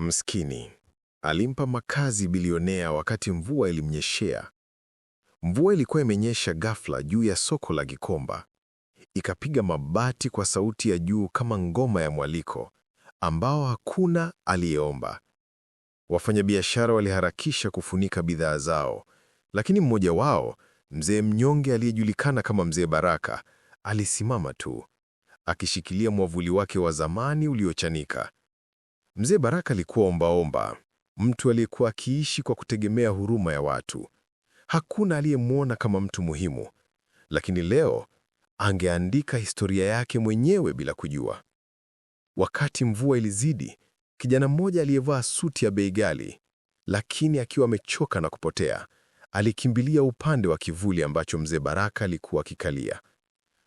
Mskini alimpa makazi bilionea wakati mvua ilimnyeshea. Mvua ilikuwa imenyesha ghafla juu ya soko la Gikomba, ikapiga mabati kwa sauti ya juu kama ngoma ya mwaliko ambao hakuna aliyeomba. Wafanyabiashara waliharakisha kufunika bidhaa zao, lakini mmoja wao, mzee mnyonge aliyejulikana kama Mzee Baraka, alisimama tu akishikilia mwavuli wake wa zamani uliochanika. Mzee Baraka alikuwa ombaomba, mtu aliyekuwa akiishi kwa kutegemea huruma ya watu. Hakuna aliyemwona kama mtu muhimu, lakini leo angeandika historia yake mwenyewe bila kujua. Wakati mvua ilizidi, kijana mmoja aliyevaa suti ya bei ghali, lakini akiwa amechoka na kupotea, alikimbilia upande wa kivuli ambacho mzee Baraka alikuwa akikalia.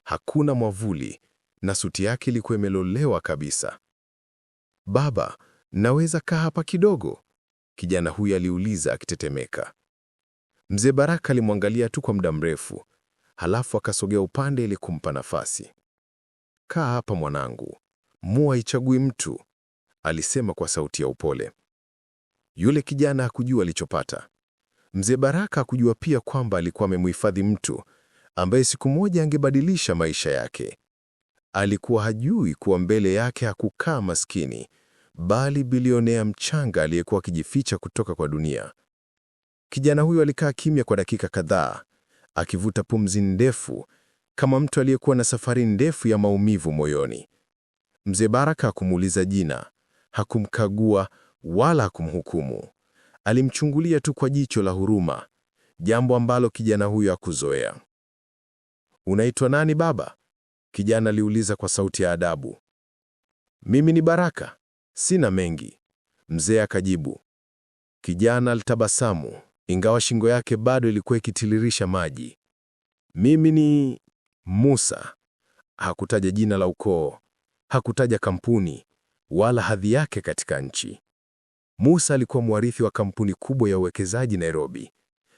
Hakuna mwavuli na suti yake ilikuwa imelolewa kabisa. Baba, naweza kaa hapa kidogo? Kijana huyo aliuliza akitetemeka. Mzee Baraka alimwangalia tu kwa muda mrefu, halafu akasogea upande ili kumpa nafasi. Kaa hapa mwanangu, mua ichagui mtu, alisema kwa sauti ya upole. Yule kijana hakujua alichopata. Mzee Baraka hakujua pia kwamba alikuwa amemhifadhi mtu ambaye siku moja angebadilisha maisha yake. Alikuwa hajui kuwa mbele yake hakukaa maskini, bali bilionea mchanga aliyekuwa akijificha kutoka kwa dunia. Kijana huyo alikaa kimya kwa dakika kadhaa, akivuta pumzi ndefu kama mtu aliyekuwa na safari ndefu ya maumivu moyoni. Mzee Baraka hakumuuliza jina, hakumkagua wala hakumhukumu. Alimchungulia tu kwa jicho la huruma, jambo ambalo kijana huyo hakuzoea. Unaitwa nani baba? kijana aliuliza kwa sauti ya adabu. Mimi ni Baraka, sina mengi, mzee akajibu. Kijana alitabasamu, ingawa shingo yake bado ilikuwa ikitiririsha maji. Mimi ni Musa. Hakutaja jina la ukoo, hakutaja kampuni wala hadhi yake katika nchi. Musa alikuwa mwarithi wa kampuni kubwa ya uwekezaji Nairobi,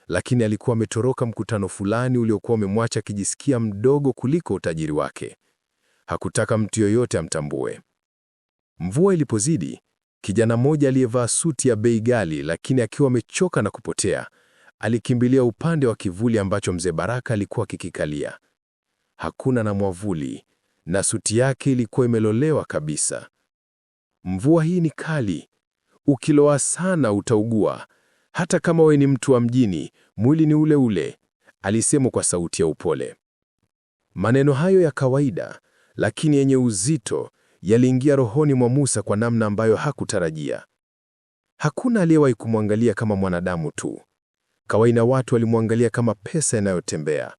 lakini alikuwa ametoroka mkutano fulani uliokuwa umemwacha akijisikia mdogo kuliko utajiri wake. Hakutaka mtu yoyote amtambue. Mvua ilipozidi, kijana mmoja aliyevaa suti ya bei ghali lakini akiwa amechoka na kupotea, alikimbilia upande wa kivuli ambacho mzee Baraka alikuwa akikikalia. Hakuna na mwavuli na suti yake ilikuwa imelolewa kabisa. Mvua hii ni kali, ukiloa sana utaugua, hata kama we ni mtu wa mjini, mwili ni ule ule, alisema kwa sauti ya upole. Maneno hayo ya kawaida lakini yenye uzito yaliingia rohoni mwa Musa kwa namna ambayo hakutarajia. Hakuna aliyewahi kumwangalia kama mwanadamu tu. Kawaida watu walimwangalia kama pesa inayotembea.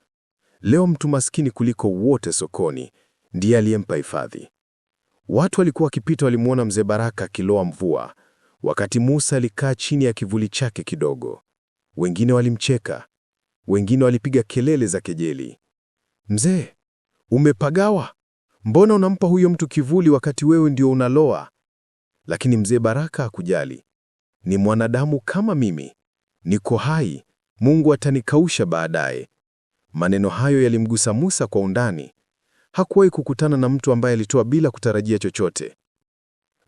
Leo mtu maskini kuliko wote sokoni ndiye aliyempa hifadhi. Watu walikuwa wakipita, walimwona mzee Baraka akiloa mvua, Wakati Musa alikaa chini ya kivuli chake kidogo, wengine walimcheka, wengine walipiga kelele za kejeli. Mzee, umepagawa? Mbona unampa huyo mtu kivuli wakati wewe ndio unaloa? Lakini mzee Baraka hakujali. Ni mwanadamu kama mimi, niko hai, Mungu atanikausha baadaye. Maneno hayo yalimgusa Musa kwa undani. Hakuwahi kukutana na mtu ambaye alitoa bila kutarajia chochote.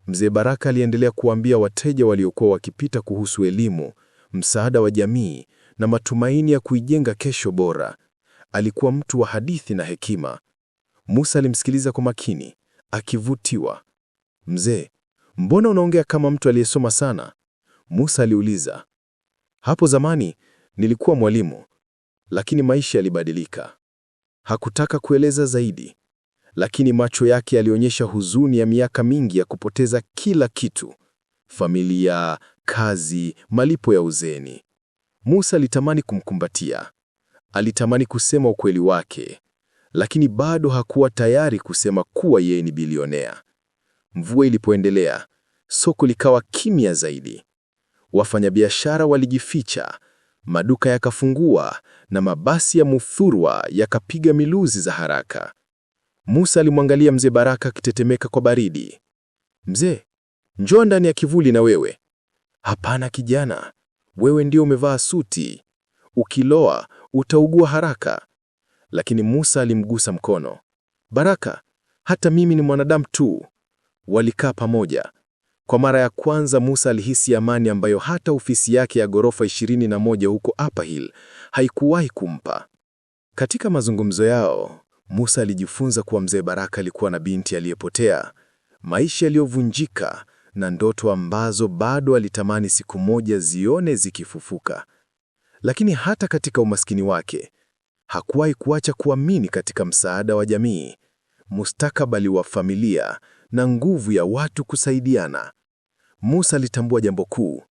Mzee Baraka aliendelea kuwaambia wateja waliokuwa wakipita kuhusu elimu, msaada wa jamii na matumaini ya kuijenga kesho bora. Alikuwa mtu wa hadithi na hekima. Musa alimsikiliza kwa makini akivutiwa. Mzee, mbona unaongea kama mtu aliyesoma sana? Musa aliuliza. Hapo zamani nilikuwa mwalimu, lakini maisha yalibadilika. Hakutaka kueleza zaidi, lakini macho yake yalionyesha huzuni ya miaka mingi ya kupoteza kila kitu: familia, kazi, malipo ya uzeni. Musa alitamani kumkumbatia, alitamani kusema ukweli wake, lakini bado hakuwa tayari kusema kuwa yeye ni bilionea. Mvua ilipoendelea, soko likawa kimya zaidi. Wafanyabiashara walijificha, maduka yakafungua na mabasi ya muthurwa yakapiga miluzi za haraka. Musa alimwangalia mzee Baraka akitetemeka kwa baridi. Mzee, njoo ndani ya kivuli na wewe. Hapana kijana, wewe ndio umevaa suti, ukiloa utaugua haraka. Lakini Musa alimgusa mkono. Baraka, hata mimi ni mwanadamu tu. Walikaa pamoja. Kwa mara ya kwanza Musa alihisi amani ambayo hata ofisi yake ya ghorofa 21 huko Upper Hill haikuwahi kumpa. Katika mazungumzo yao, Musa alijifunza kuwa Mzee Baraka alikuwa na binti aliyepotea, maisha yaliyovunjika na ndoto ambazo bado alitamani siku moja zione zikifufuka. Lakini hata katika umaskini wake hakuwahi kuacha kuamini katika msaada wa jamii, mustakabali wa familia na nguvu ya watu kusaidiana. Musa alitambua jambo kuu: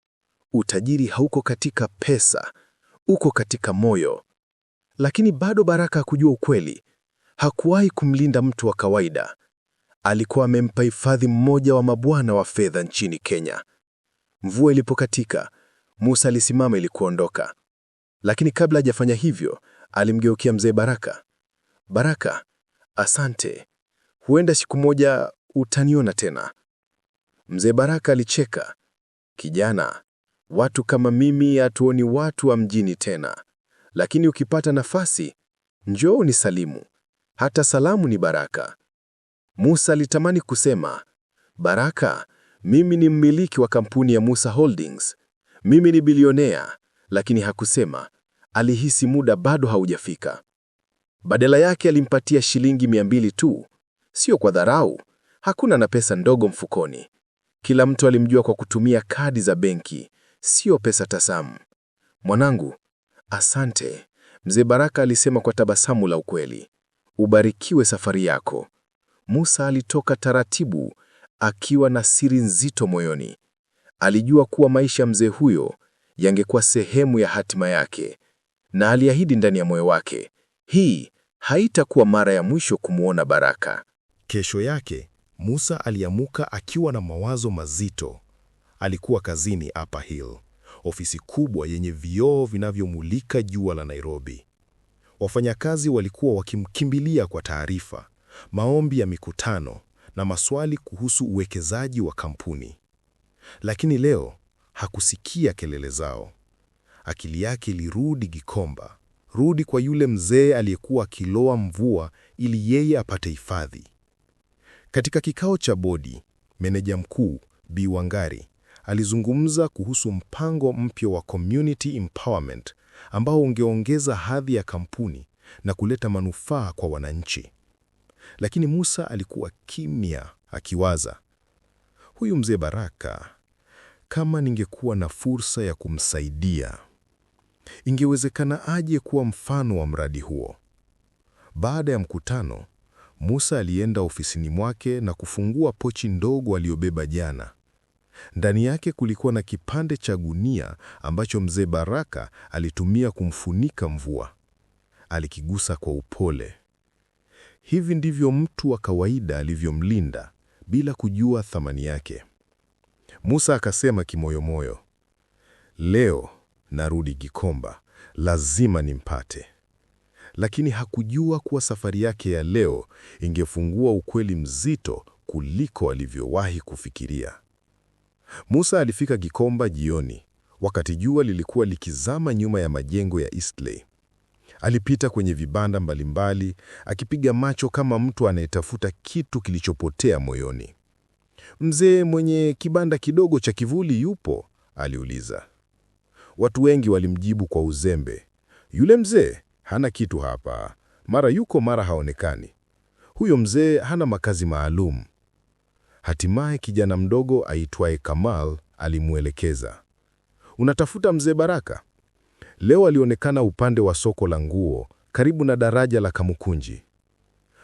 utajiri hauko katika pesa, uko katika moyo. Lakini bado Baraka hakujua ukweli hakuwahi kumlinda mtu wa kawaida. Alikuwa amempa hifadhi mmoja wa mabwana wa fedha nchini Kenya. Mvua ilipokatika, Musa alisimama ili kuondoka, lakini kabla hajafanya hivyo, alimgeukia mzee Baraka. Baraka, asante, huenda siku moja utaniona tena. Mzee Baraka alicheka. Kijana, watu kama mimi hatuoni watu wa mjini tena, lakini ukipata nafasi njoo unisalimu. Hata salamu ni baraka. Musa alitamani kusema, Baraka, mimi ni mmiliki wa kampuni ya Musa Holdings. Mimi ni bilionea, lakini hakusema. Alihisi muda bado haujafika. Badala yake alimpatia shilingi mia mbili tu, sio kwa dharau. Hakuna na pesa ndogo mfukoni. Kila mtu alimjua kwa kutumia kadi za benki, sio pesa tasamu. Mwanangu, asante, Mzee Baraka alisema kwa tabasamu la ukweli. Ubarikiwe safari yako. Musa alitoka taratibu akiwa na siri nzito moyoni. Alijua kuwa maisha ya mzee huyo yangekuwa sehemu ya hatima yake, na aliahidi ndani ya moyo wake, hii haitakuwa mara ya mwisho kumwona Baraka. Kesho yake Musa aliamuka akiwa na mawazo mazito. Alikuwa kazini Upper Hill, ofisi kubwa yenye vioo vinavyomulika jua la Nairobi. Wafanyakazi walikuwa wakimkimbilia kwa taarifa, maombi ya mikutano na maswali kuhusu uwekezaji wa kampuni. Lakini leo hakusikia kelele zao. Akili yake ilirudi Gikomba, rudi kwa yule mzee aliyekuwa akiloa mvua ili yeye apate hifadhi. Katika kikao cha bodi, meneja mkuu Bi Wangari alizungumza kuhusu mpango mpya wa community empowerment ambao ungeongeza hadhi ya kampuni na kuleta manufaa kwa wananchi. Lakini Musa alikuwa kimya, akiwaza, huyu mzee Baraka, kama ningekuwa na fursa ya kumsaidia, ingewezekana aje kuwa mfano wa mradi huo? Baada ya mkutano, Musa alienda ofisini mwake na kufungua pochi ndogo aliyobeba jana. Ndani yake kulikuwa na kipande cha gunia ambacho mzee Baraka alitumia kumfunika mvua. Alikigusa kwa upole. Hivi ndivyo mtu wa kawaida alivyomlinda bila kujua thamani yake. Musa akasema kimoyomoyo, leo narudi Gikomba, lazima nimpate. Lakini hakujua kuwa safari yake ya leo ingefungua ukweli mzito kuliko alivyowahi kufikiria. Musa alifika Gikomba jioni, wakati jua lilikuwa likizama nyuma ya majengo ya Eastleigh. Alipita kwenye vibanda mbalimbali, akipiga macho kama mtu anayetafuta kitu kilichopotea moyoni. Mzee mwenye kibanda kidogo cha kivuli yupo? aliuliza. Watu wengi walimjibu kwa uzembe, yule mzee hana kitu hapa, mara yuko mara haonekani. Huyo mzee hana makazi maalum, Hatimaye kijana mdogo aitwaye Kamal alimwelekeza, unatafuta mzee Baraka? Leo alionekana upande wa soko la nguo karibu na daraja la Kamukunji.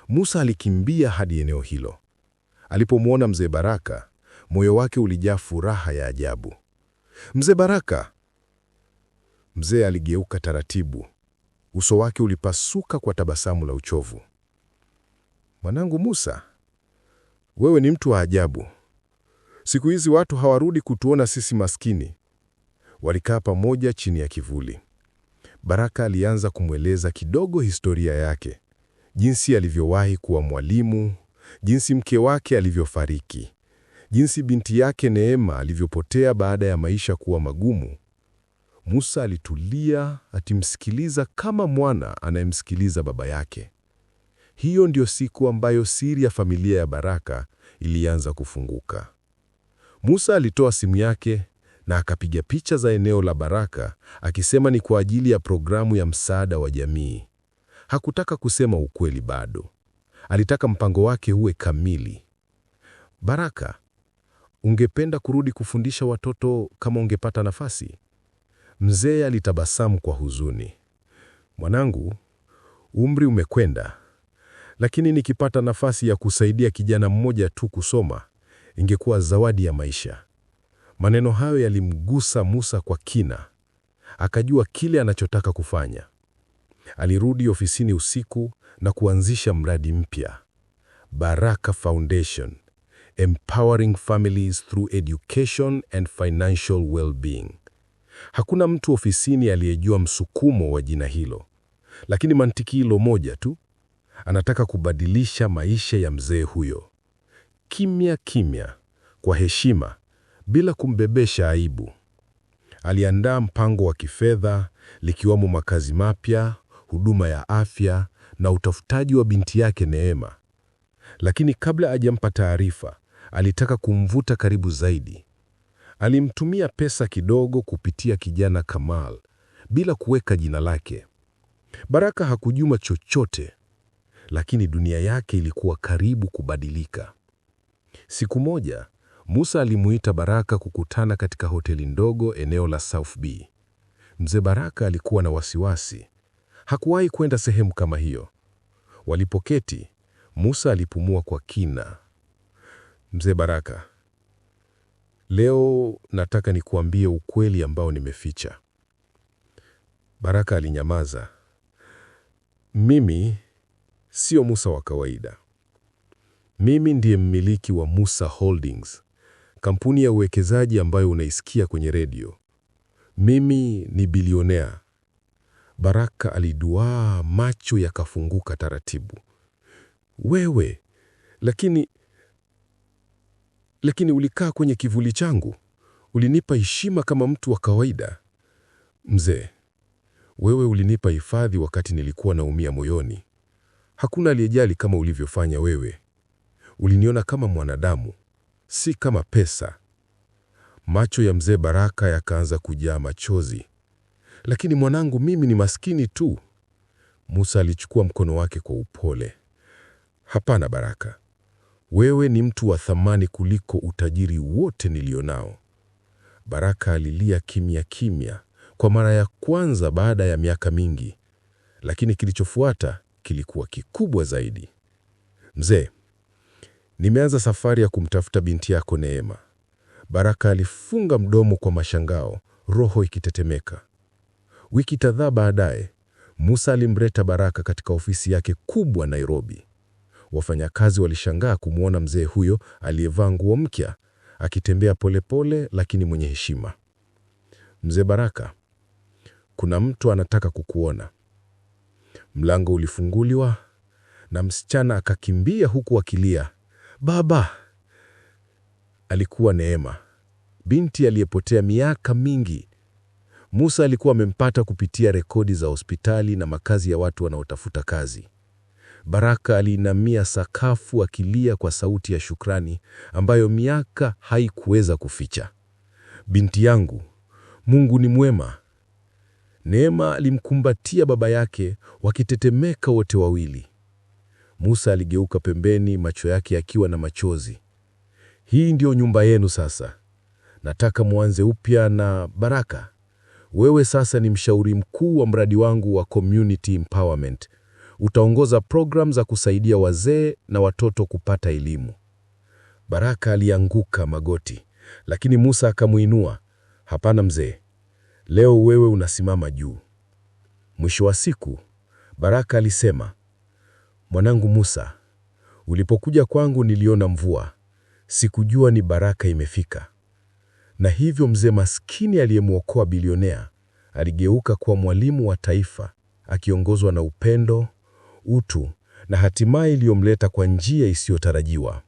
Musa alikimbia hadi eneo hilo. Alipomwona mzee Baraka, moyo wake ulijaa furaha ya ajabu. Mzee Baraka! Mzee aligeuka taratibu, uso wake ulipasuka kwa tabasamu la uchovu. Mwanangu Musa, wewe ni mtu wa ajabu. Siku hizi watu hawarudi kutuona sisi maskini. Walikaa pamoja chini ya kivuli. Baraka alianza kumweleza kidogo historia yake, jinsi alivyowahi kuwa mwalimu, jinsi mke wake alivyofariki, jinsi binti yake Neema alivyopotea baada ya maisha kuwa magumu. Musa alitulia akimsikiliza kama mwana anayemsikiliza baba yake. Hiyo ndio siku ambayo siri ya familia ya Baraka ilianza kufunguka. Musa alitoa simu yake na akapiga picha za eneo la Baraka akisema ni kwa ajili ya programu ya msaada wa jamii. Hakutaka kusema ukweli bado. Alitaka mpango wake uwe kamili. Baraka, ungependa kurudi kufundisha watoto kama ungepata nafasi? Mzee alitabasamu kwa huzuni. Mwanangu, umri umekwenda. Lakini nikipata nafasi ya kusaidia kijana mmoja tu kusoma, ingekuwa zawadi ya maisha. Maneno hayo yalimgusa Musa kwa kina. Akajua kile anachotaka kufanya. Alirudi ofisini usiku na kuanzisha mradi mpya, Baraka Foundation, Empowering Families Through Education and Financial Well-being. Hakuna mtu ofisini aliyejua msukumo wa jina hilo, lakini mantiki hilo moja tu Anataka kubadilisha maisha ya mzee huyo kimya kimya, kwa heshima, bila kumbebesha aibu. Aliandaa mpango wa kifedha, likiwamo makazi mapya, huduma ya afya na utafutaji wa binti yake Neema. Lakini kabla hajampa taarifa, alitaka kumvuta karibu zaidi. Alimtumia pesa kidogo kupitia kijana Kamal bila kuweka jina lake. Baraka hakujuma chochote, lakini dunia yake ilikuwa karibu kubadilika. Siku moja Musa alimuita Baraka kukutana katika hoteli ndogo eneo la South B. Mzee Baraka alikuwa na wasiwasi, hakuwahi kwenda sehemu kama hiyo. Walipoketi, Musa alipumua kwa kina. Mzee Baraka, leo nataka nikuambie ukweli ambao nimeficha. Baraka alinyamaza. Mimi sio Musa wa kawaida. Mimi ndiye mmiliki wa Musa Holdings, kampuni ya uwekezaji ambayo unaisikia kwenye redio. Mimi ni bilionea. Baraka aliduaa, macho yakafunguka taratibu. Wewe lakini lakini ulikaa kwenye kivuli changu, ulinipa heshima kama mtu wa kawaida. Mzee, wewe ulinipa hifadhi wakati nilikuwa naumia moyoni. Hakuna aliyejali kama ulivyofanya wewe. Uliniona kama mwanadamu, si kama pesa. Macho ya mzee Baraka yakaanza kujaa machozi. Lakini mwanangu, mimi ni maskini tu. Musa alichukua mkono wake kwa upole. Hapana Baraka, wewe ni mtu wa thamani kuliko utajiri wote nilionao. Baraka alilia kimya kimya kwa mara ya kwanza baada ya miaka mingi, lakini kilichofuata kilikuwa kikubwa zaidi. Mzee, nimeanza safari ya kumtafuta binti yako Neema. Baraka alifunga mdomo kwa mashangao, roho ikitetemeka. Wiki kadhaa baadaye, Musa alimleta Baraka katika ofisi yake kubwa Nairobi. Wafanyakazi walishangaa kumwona mzee huyo aliyevaa nguo mpya akitembea polepole pole, lakini mwenye heshima. Mzee Baraka, kuna mtu anataka kukuona. Mlango ulifunguliwa na msichana akakimbia huku akilia, "Baba!" Alikuwa Neema, binti aliyepotea miaka mingi. Musa alikuwa amempata kupitia rekodi za hospitali na makazi ya watu wanaotafuta kazi. Baraka aliinamia sakafu akilia kwa sauti ya shukrani ambayo miaka haikuweza kuficha. Binti yangu, Mungu ni mwema. Neema alimkumbatia baba yake, wakitetemeka wote wawili. Musa aligeuka pembeni, macho yake yakiwa na machozi. Hii ndiyo nyumba yenu sasa. Nataka mwanze upya na Baraka. Wewe sasa ni mshauri mkuu wa mradi wangu wa community empowerment. Utaongoza program za kusaidia wazee na watoto kupata elimu. Baraka alianguka magoti, lakini Musa akamuinua. Hapana mzee, leo wewe unasimama juu. Mwisho wa siku, Baraka alisema, mwanangu Musa, ulipokuja kwangu niliona mvua, sikujua ni baraka imefika. Na hivyo mzee maskini aliyemwokoa bilionea aligeuka kuwa mwalimu wa taifa, akiongozwa na upendo, utu na hatimaye iliyomleta kwa njia isiyotarajiwa.